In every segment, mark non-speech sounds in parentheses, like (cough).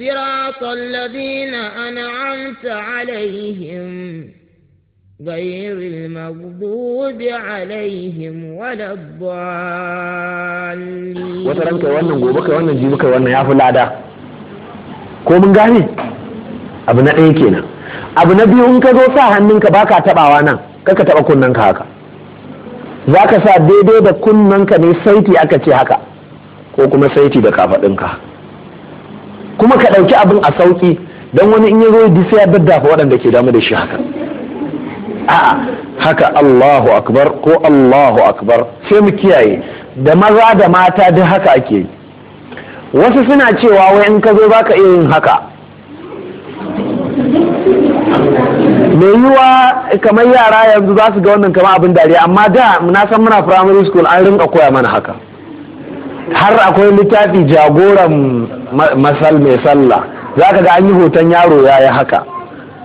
صراط الذين أنعمت عليهم غير المغضوب عليهم ولا الضالين wannan wannan lada ko mun gane abu na ɗaya kenan abu na biyu in ka zo sa hannunka baka tabawa nan kaka taɓa kunnanka haka zaka sa daidai da kunnanka ne saiti aka ce haka ko kuma saiti da kafaɗinka. kuma ka ɗauki abin a sauƙi don wani in ya zo duk sai ya daddafa waɗanda ke damu da shi haka a haka Allahu akbar ko Allahu akbar sai mu kiyaye da maza da mata duk haka ake yi wasu suna cewa wai in ka zo za iya yin haka Me yiwa kamar yara yanzu za su ga wannan kamar abin dariya amma da na san muna firamare school an rinka koya mana haka har akwai littafi jagoran masal mai sallah za ka ga an yi hoton yaro ya yi haka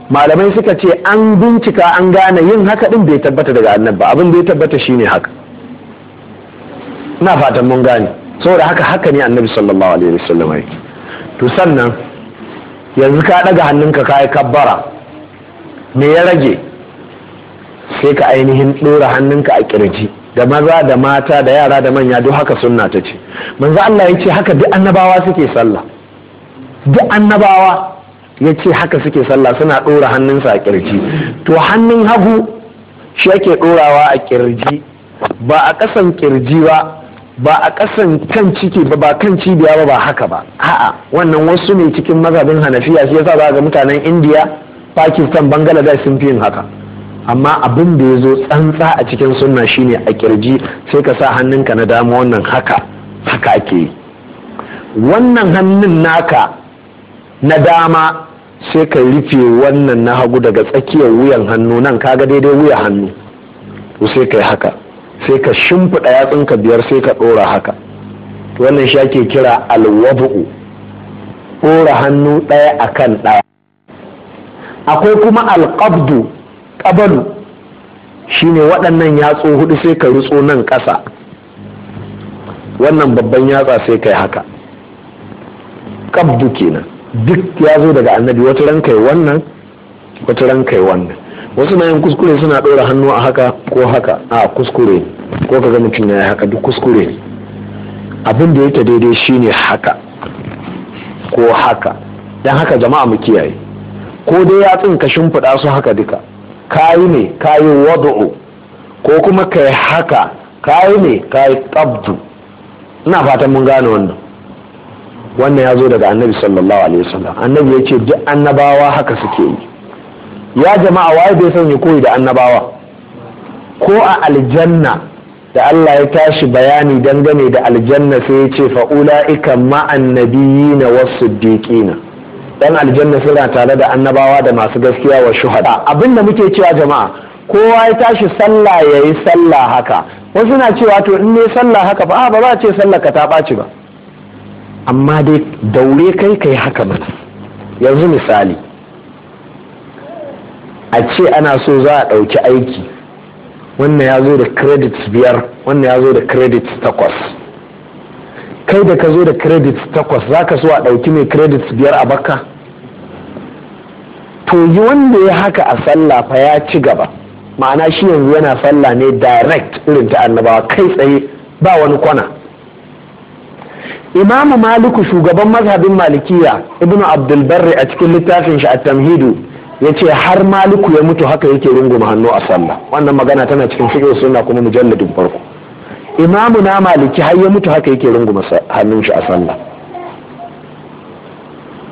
malamai suka ce an bincika an gane yin haka din bai tabbata daga annabi abin da ya tabbata shine haka ina fatan mun gane saboda haka haka ne annabi sallallahu alaihi wasallam to sannan yanzu ka daga hannunka ka yi kabbara me ya rage sai ka ainihin dora hannunka a kirji da maza da mata da yara da manya duk haka sunna ta ce manzo Allah ya ce haka duk annabawa suke sallah duk annabawa ya ce haka suke sallah suna ɗora hannunsa a kirji to hannun hagu shi yake ɗorawa a kirji ba a ƙasan kirji ba ba a ƙasan kan ciki ba ba kan cibiya ba ba haka ba a'a wannan wasu ne cikin mazhabin hanafiya shi yasa za ga mutanen indiya pakistan bangladesh sun fi yin haka amma abin da ya zo tsantsa a cikin sunna shine a kirji sai ka sa hannunka na dama wannan haka haka ake yi wannan hannun naka na dama sai ka rufe wannan na hagu daga tsakiyar wuyan hannu nan kaga daidai wuya hannu to sai ka yi haka sai ka shimfiɗa yatsunka biyar sai ka ɗora haka wannan shi ake kira alwab'u ɗora hannu ɗaya akan ɗaya akwai kuma alƙabdu ƙabalu shine waɗannan yatsu hudu sai ka rutso nan ƙasa wannan babban yatsa sai kai haka ƙabdu kenan duk ya zo daga annabi wata ran kai wannan wata ran kai wannan wasu na yin kuskure suna ɗora hannu a haka ko haka a kuskure ko ka ga mutum ya haka duk kuskure abin da yake daidai shine haka ko haka don haka jama'a mu kiyaye ko dai yatsun ka shimfiɗa su haka duka kayi ne kayi wadu'u ko kuma kai haka kayi ne kayi qabdu ina fatan mun gane wannan wannan ya zo daga annabi sallallahu alaihi wasallam annabi ya ce duk annabawa haka suke yi ya jama'a waye bai son ya koyi da annabawa ko a aljanna da Allah ya tashi bayani dangane da aljanna sai ya ce ula'ika ma'an nabiyina was siddiqina dan aljanna suna tare da annabawa da masu gaskiya wa shuhada da muke cewa jama'a kowa ya tashi sallah ya yi sallah haka wasu na cewa to in ne sallah haka fa ah, ba za a ce sallah ka ta ɓaci ba amma dai daure kai kai haka mana yanzu misali a ce ana so za a ɗauki aiki wannan ya zo da credits biyar wannan ya zo da credits takwas kai da ka zo da credits takwas za ka so a ɗauki mai credits biyar a baka? to yi wanda ya haka a sallah fa ya ci gaba ma'ana shi yanzu yana sallah ne direct irin ta annabawa kai tsaye ba wani kwana imamu maliku shugaban mazhabin malikiya ibnu abdulbarri a cikin littafin shi a tamhidu ya ce har maliku ya mutu haka yake runguma hannu a sallah wannan magana tana cikin shigar suna kuma mujalladin farko imamu na maliki har ya mutu haka yake masa hannun shi a sallah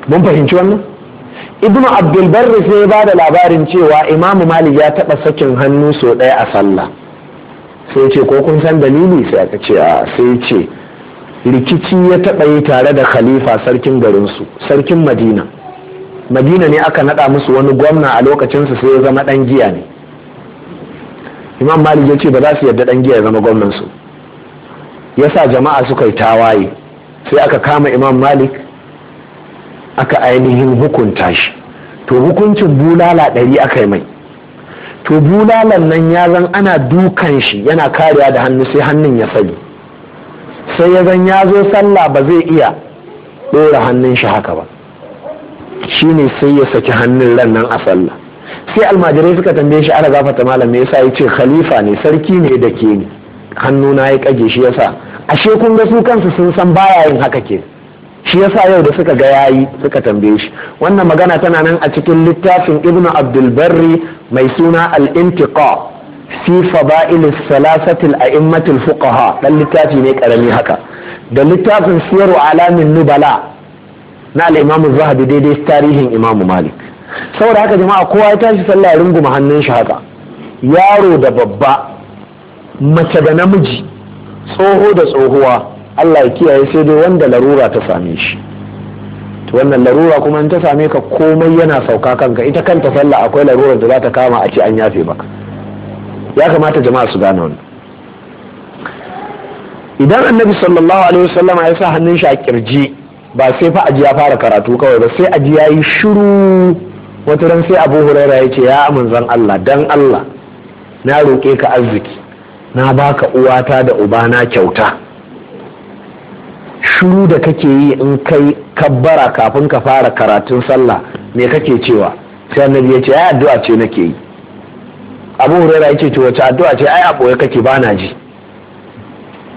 mun fahimci wannan ibn barri sai ya bada labarin cewa imamu malik ya taba sakin hannu sau ɗaya a sallah sai ce ko kun san dalili sai aka ce a sai ce rikici ya taba yi tare da khalifa sarkin garinsu sarkin madina madina ne aka nada musu wani gwamna a lokacinsu sai ya zama dan giya ne imam malik ya ce ba za su yarda dan giya ya zama gwamnansu Ya sa jama'a suka yi tawaye sai aka kama imam malik aka ainihin hukunta shi to hukuncin bulala ɗari aka yi mai to bulalan nan ya zan ana dukan shi yana kariya da hannu sai hannun ya sani sai ya zan ya zo sallah ba zai iya ɗora hannun shi haka ba shi ne sai ya saki hannun ran nan a sallah sai almajirai suka tambaye shi ana zafata malam me yasa yace khalifa ne sarki ne da ke ni hannuna ya kage shi yasa ashe kun ga su kansu sun san baya yin haka ke shi yasa yau da suka ga yayi suka tambaye shi wannan magana tana nan a cikin littafin ibnu abdul barri mai suna al-intiqa fi fada'il salasatil a'immatil fuqaha dan littafi ne karami haka da littafin siyaru alamin nubala na al-imam zahabi daidai tarihin imam malik saboda haka jama'a kowa ya tashi sallah ya runguma hannun shi haka yaro da babba mace da namiji tsoho da tsohuwa Allah ya kiyaye sai dai wanda larura ta same shi to wannan larura kuma in ta same ka komai yana sauka kanka ita kanta sallah akwai larurar da za ta kama a ce an yafe maka ya kamata jama'a su gane wannan idan annabi sallallahu alaihi wasallama ya sa hannun shi a kirji ba sai fa aji ya fara karatu kawai ba sai aji yayi shiru wata ran sai abu huraira ya ce ya zan Allah dan Allah na roƙe ka arziki na baka uwata da ubana kyauta shuru da kake yi in kai kabbara kafin ka fara karatun sallah me kake cewa sai annabi ya ce ai addu'a ce nake yi abu hurera yake ce wace addu'a ce ai a boye kake bana ji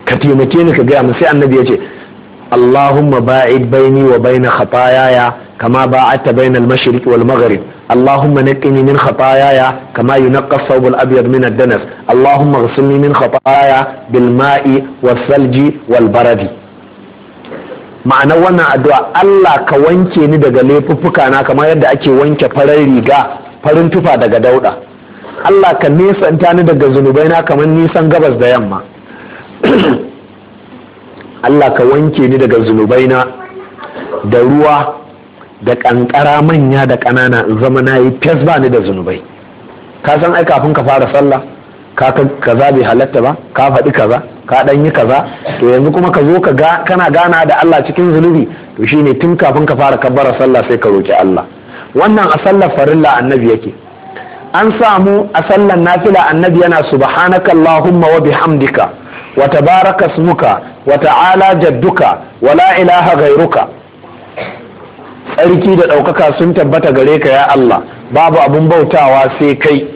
ka taimake ni ka gaya mu sai annabi ya ce allahumma ba'id baini wa baina khatayaya kama ba'adta bainal mashriq wal maghrib اللهم نقني من خطاياي كما ينقى الثوب الابيض من الدنس اللهم اغسلني من خطاياي بالماء والثلج والبرد Ma'ana wannan addu'a Allah ka wanke ni daga laifuffuka na kamar yadda ake wanke farar riga farin tufa daga dauda Allah ka nisanta ni daga zunubai na kamar nisan gabas da yamma (clears throat) Allah ka wanke ni daga zunubai na da ruwa da kankara manya da ƙanana in zama na yi fes ba ni da zunubai ka san ai kafin ka fara sallah ka kaza bai halatta ba ka faɗi kaza ka ɗan yi kaza to yanzu kuma ka zo ka ga kana gana da Allah cikin zunubi to shine tun kafin ka fara kabbara sallah sai ka roki Allah wannan a sallar farilla annabi yake an samu a sallar nafila annabi yana subhanaka allahumma wa bihamdika wa tabaraka wa ta'ala jadduka wa la ilaha ghairuka tsarki da ɗaukaka sun tabbata gare ka ya Allah babu abun bautawa sai kai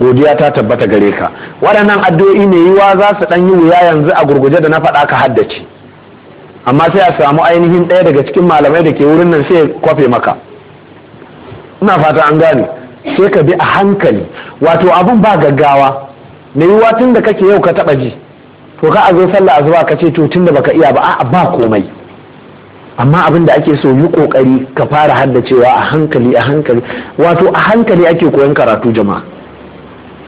godiya ta tabbata gare ka waɗannan addu'o'i mai yiwa za su ɗan yi wuya yanzu a gurguje da na faɗa ka haddace amma sai a samu ainihin ɗaya daga cikin malamai da ke wurin nan sai kwafe maka ina fata an gane sai ka bi a hankali wato abin ba gaggawa mai yiwa tun da kake yau ka taɓa ji to ka a zo sallah azuba ka ce to tun da baka iya ba a ba komai amma abin da ake so yi kokari ka fara haddacewa a hankali a hankali wato a hankali ake koyon karatu jama'a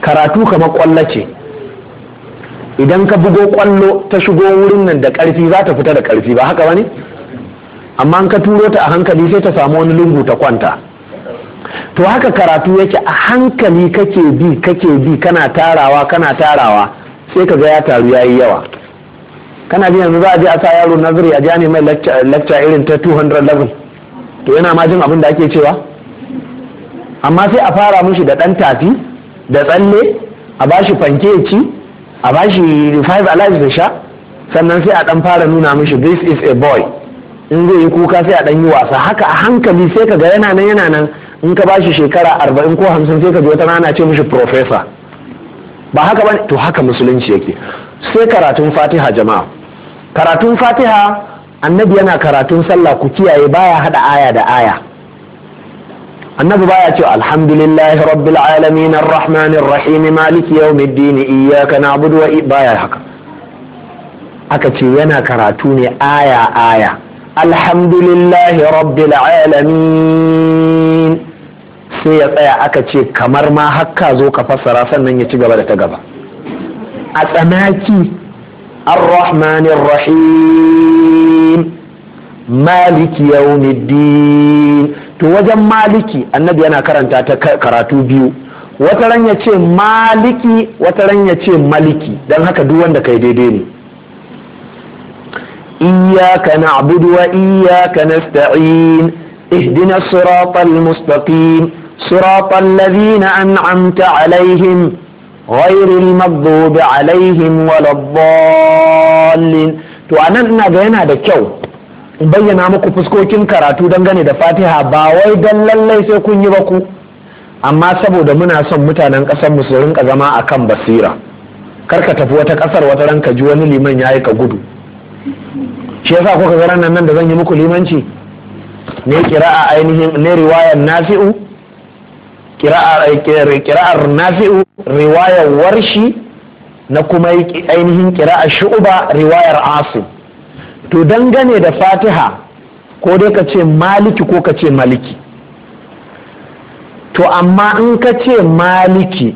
karatu kamar kwallo ce idan ka bugo kwallo ta shigo wurin nan da karfi za ta fita da karfi ba haka bane amma ka turo ta a hankali sai ta samu wani lungu ta kwanta to haka karatu yake a hankali kake bi kake bi kana tarawa kana tarawa sai ka ga ya taru yayi yawa kana ji yanzu za a je a sa yaro nazari a jami mai lecture irin ta 200 to yana ma jin abin da ake cewa amma sai a fara mushi da ɗan tafi da tsalle a bashi fanke ci a bashi five alive da sha sannan sai a ɗan fara nuna mushi this is a boy in zai yi kuka sai a ɗan yi wasa haka a hankali sai ka ga yana nan yana nan in ka bashi shekara arba'in ko hamsin sai ka ji wata rana ce mushi professor ba haka ba to haka musulunci yake sai karatun fatiha jama'a karatun fatiha annabi yana karatun sallah ku kiyaye baya hada aya da aya annabi baya cewa alhamdulillahi rabbil alamin arrahmanir rahim maliki yawmiddin iyyaka na'budu wa baya haka aka ce yana karatu ne aya aya alhamdulillahi rabbil alamin sai ya tsaya aka ce kamar ma hakka zo ka fassara sannan ya ci gaba da ta gaba a tsanaki ar-rahmanir rahim maliki yawmiddin to wajen maliki annabi yana karanta ta karatu biyu wata ran ya ce maliki wata ran ya ce maliki don haka duk wanda kai daidai ne iyaka na'budu wa iyaka nasta'in ihdina siratal mustaqim siratal ladina an'amta alaihim غير المغضوب عليهم ولا الضالين to anan ina ga yana da kyau in bayyana muku fuskokin karatu dangane da fatiha ba wai dan lallai sai kun yi ba ku amma saboda muna son mutanen ƙasar mu su rinka zama a kan basira kar ka tafi wata ƙasar wata ran ka ji wani liman ya yi ka gudu shi yasa kuka ga ranan nan da zan yi muku limanci ne kira a ainihin ne riwayan nafi'u Eh, kira'ar nafi'u riwayar warshi na kuma ainihin kira'ar shu'uba riwayar asu. to dangane da fatiha ko dai ka ce maliki ko ka ce maliki to amma in ka ce maliki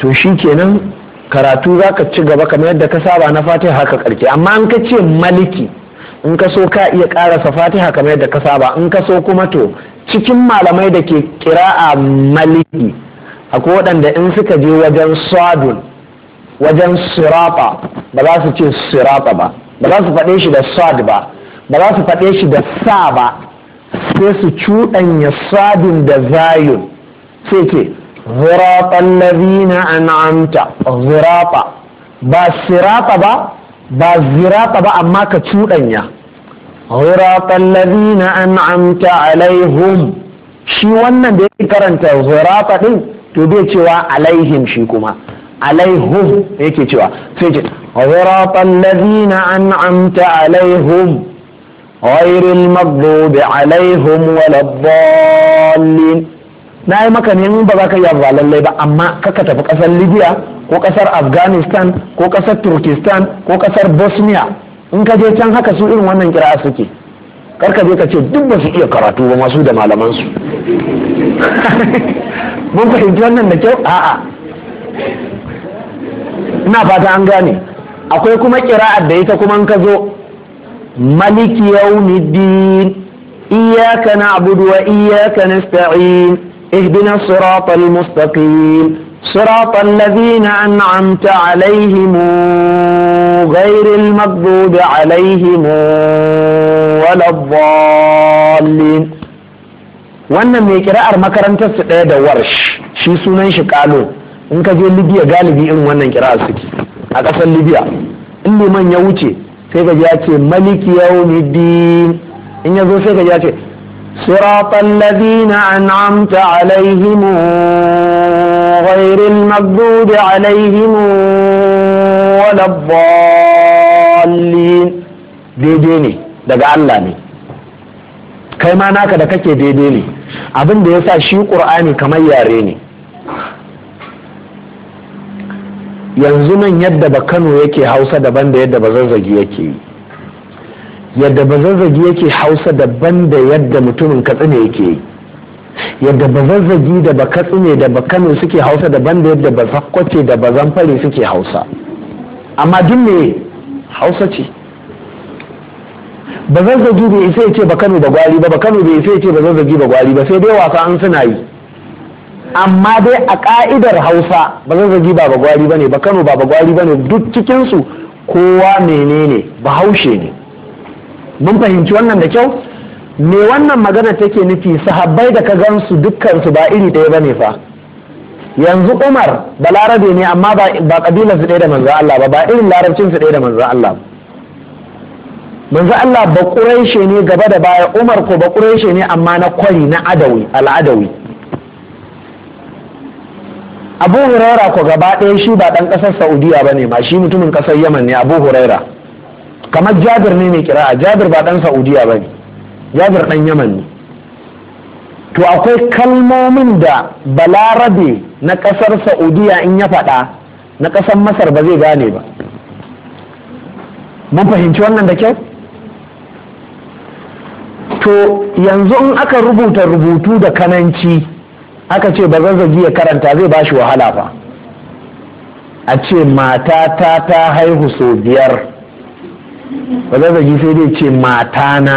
to shi kenan karatu za ka ci gaba kamar yadda ka saba na fatiha haka karke amma in ka ce maliki in ka so ka iya karasa fatiha kamar yadda ka saba in ka so kuma to cikin malamai da ke kira'a maliki akwai waɗanda in suka je wajen sadun wajen sirata ba za su ce sirata ba ba za su faɗe shi da sad ba ba za su faɗe shi da sa ba sai su cuɗanya sadun da zayun sai ke ziratan lazina an'amta zirafa, ba sirata ba ba zirafa ba amma ka cuɗanya صراط الذين أنعمت عليهم shi wannan da ya karanta zurata din to bai cewa alaihim shi kuma alaihum yake cewa sai ce zurata alladhina an'amta alaihum ghayril maghdubi alaihim waladdallin na yi maka ne ba za ka yi abuwa lallai ba amma kaka tafi kasar libya ko kasar afghanistan ko kasar turkistan ko kasar bosnia in ka je can haka su irin wannan kira'a suke karka je ka ce duk ba su iya karatu ba masu da malamansu. su (laughs) mun fahimci wannan da kyau a'a ina fata an gane akwai kuma kira'ar da ita kuma in ka zo maliki yawmiddin iyyaka na'budu wa iyyaka nasta'in ihdinas siratal mustaqim صراط الذين أنعمت عليهم غير المغضوب عليهم ولا الضالين wannan mai kira'ar makarantar su ɗaya da warsh shi sunan shi kalo in ka je libya galibi irin wannan kira'ar suke a ƙasar libya in liman ya wuce sai ka ya ce maliki yaumiddin in ya zo sai ka ya ce siratan ladina an'amta alaihim غير المغضوب عليهم ولا الضالين daidai ne daga Allah ne kai ma naka da kake daidai ne abin da ya sa shi ƙur'ani kamar yare ne yanzu nan yadda ba kano yake hausa daban da yadda ba zazzagi yake yi yadda ba zazzagi yake hausa daban da yadda mutumin katsina yake yi yadda bazazzagi da ba katsine da ba Kano suke hausa daban da yadda ba bazakwace da ba bazanfare suke hausa amma duk me hausa ce zazzagi bai isa ya ce kano da gwari ba Kano bai isa ya ce zazzagi ba gwari ba sai dai wasa an suna yi amma dai a ka'idar hausa bazazzagi ba bagwari ba ne ba Kano ba bagwari ba ne duk cikinsu kowa menene bahaushe ne mun fahimci wannan da kyau me wannan magana take nufi sahabbai da ka gansu dukkansu ba iri ɗaya ba ne fa yanzu umar ba larabe ne amma ba ƙabilar su ɗaya da manzo Allah ba ba irin larabcin su ɗaya da manzo Allah manzo Allah ba ƙureshe ne gaba da baya umar ko ba ƙureshe ne amma na kwari na adawi al'adawi abu huraira ko gaba ɗaya shi ba ɗan ƙasar saudiya ba ne ma shi mutumin ƙasar yaman ne abu huraira kamar jabir ne mai kira'a jabir ba ɗan saudiya ba ne jabir dan yaman ne to akwai kalmomin da balarabe na kasar saudiya in ya faɗa na ƙasar masar ba zai gane ba mun fahimci wannan da kyau to yanzu in aka rubuta rubutu da kananci aka ce ba zazzagi ya karanta zai ba shi wahala ba a ce mata ta ta haihu sau biyar ba zazzagi sai dai ce mata na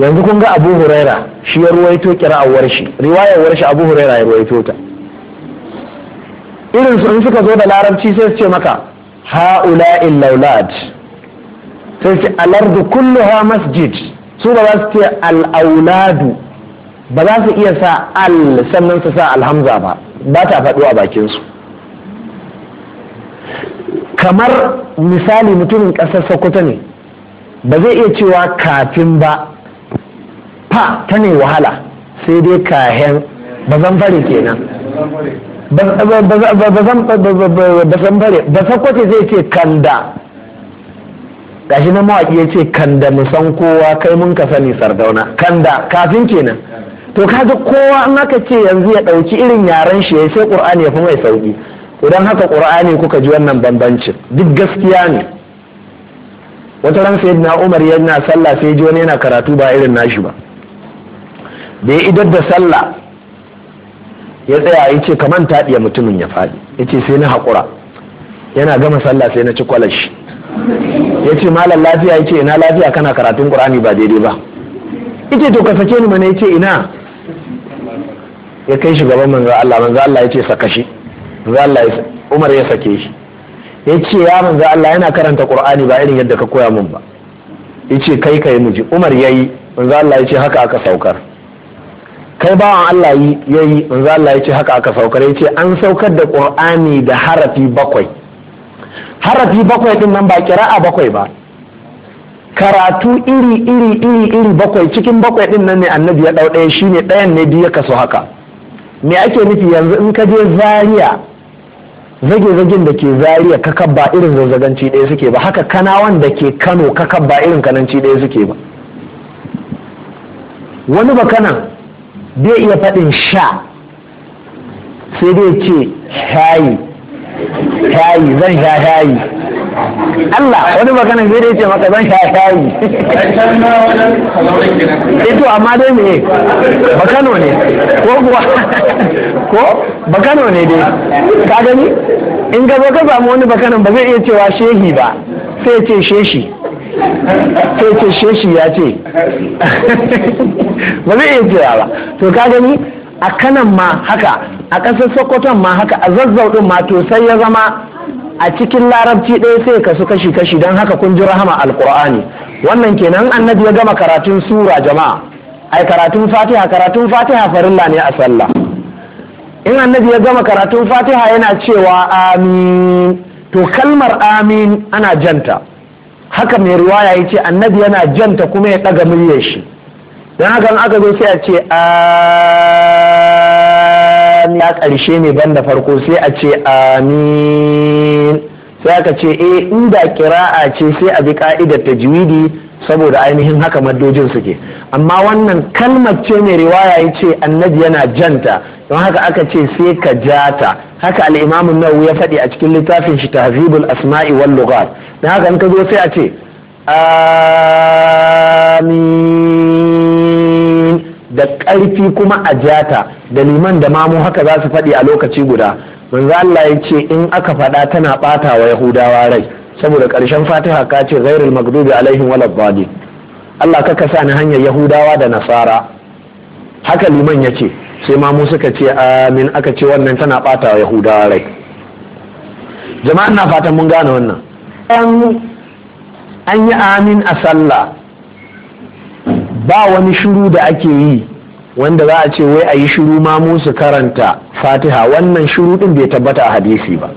yanzu kun ga abu huraira shi ya ruwaito kira'awar shi riwayar shi abu huraira ya ruwaito ta irin su in suka zo da larabci sai su ce maka ha'ula laulad sai su alardu kulluha masjid su ba za su ce al'auladu ba za su iya sa al sannan su sa alhamza ba ba ta faɗo a bakinsu kamar misali mutumin ƙasar sokoto ne ba zai iya cewa kafin ba fa ta ne wahala sai dai kahen zan fare kenan zan fare ba zai ce kanda gashi na mawaƙi ya ce kanda mu san kowa kai mun ka sani sardauna kanda kafin kenan to kaga kowa in aka ce yanzu ya ɗauki irin yaren shi ya sai ƙur'ani ya fi mai sauƙi idan haka ƙur'ani kuka ji wannan bambancin duk gaskiya ne wata ran na umar yana sallah sai ji wani yana karatu ba irin nashi ba da ya idar da sallah ya tsaya ya ce kaman taɗiya mutumin ya faɗi ya ce sai na haƙura yana gama sallah sai na ci kwalashi ya ce malam lafiya ya ce ina lafiya kana karatun ƙur'ani ba daidai ba ya ce to ka sake ni mana ya ce ina ya kai shi gaban manzo Allah manzo Allah ya ce saka shi manzo Allah Umar ya sake shi ya ce ya manzo Allah yana karanta ƙurani ba irin yadda ka koya min ba ya ce kai kai muji Umar ya yi manzo Allah ya ce haka aka saukar kai bawan Allah ya yi manzo Allah ya ce haka aka saukar ya ce an saukar da ƙur'ani da harafi bakwai harafi bakwai din nan ba kira'a bakwai ba karatu iri iri iri iri bakwai cikin bakwai din nan ne annabi ya ɗau ɗaya shine ɗayan ne biyu ya kaso haka me ake nufi yanzu in ka je zaria zage-zagen da ke zariya kakab ba irin zazzaganci ɗaya suke ba haka kanawan da ke kano ka ba irin kananci daya suke ba wani bakanan bai iya faɗin sha sai dai ce shayi shayi zan sha shayi Allah wani magana zai dai ce maka zan sha shayi ito eh amma dai me bakano ne ko kuwa ko bakano ne dai ka gani in gaba ka samu wani bakanan ba zai iya cewa shehi ba sai ce sheshi sai ce sheshi ya ce ba zai iya cewa ba to ka gani a kanan ma haka a ƙasar sokoton ma haka a zazzau ɗin ma to sai ya zama a cikin larabci ɗaya sai ka su kashi kashi don haka kun ji rahama Alƙur'ani. wannan kenan annabi ya gama karatun sura jama'a ai karatun fatiha karatun fatiha farilla ne a sallah in annabi ya gama karatun fatiha yana cewa amin to kalmar amin ana janta haka mai riwaya ya ce annabi yana janta kuma ya ɗaga muryar shi don haka aka zo sai a ce amin ya ƙarshe ne ban da farko sai a ce amin sai aka ce eh inda kira'a ce sai a bi ka'idar tajwidi saboda ainihin haka maddojin suke amma wannan kalmar ce mai riwaya ya ce annabi yana janta don haka aka ce sai ka jata haka al'imamun nawu ya faɗi a cikin littafin shi tahzibul asma'i wal lughat don haka in ka zo sai a ce amin da ƙarfi kuma a jata da liman da mamu haka za su faɗi a lokaci guda manzo Allah ya ce in aka faɗa tana ɓata wa yahudawa rai saboda ƙarshen fatiha ka ce ghairul alaihin alaihim waladdallin Allah ka kasa ni hanyar yahudawa da nasara haka liman yace sai ma mu suka ce amin aka ce wannan tana bata yahudawa rai jama'an na fatan mun gane wannan an yi amin a sallah ba wani shiru da ake yi wanda za a ce wai a yi shiru ma musu karanta fatiha wannan shiru din bai tabbata a hadisi ba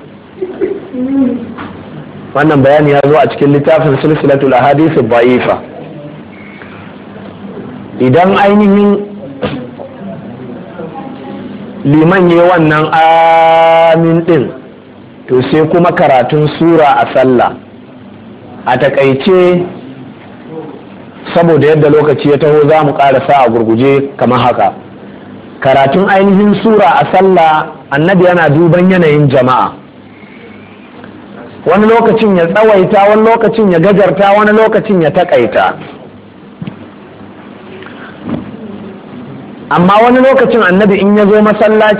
wannan bayani ya zo a cikin littafin silsilatul ahadith ba'ifa idan ainihin liman ya wannan amin din to sai kuma karatun sura a sallah a takaice saboda yadda lokaci ya taho za mu ƙara sa a gurguje kamar haka karatun ainihin sura a sallah annabi yana duban yanayin jama'a wani lokacin ya tsawaita wani lokacin ya gajarta wani lokacin ya takaita amma wani lokacin annabi in ya zo masallaci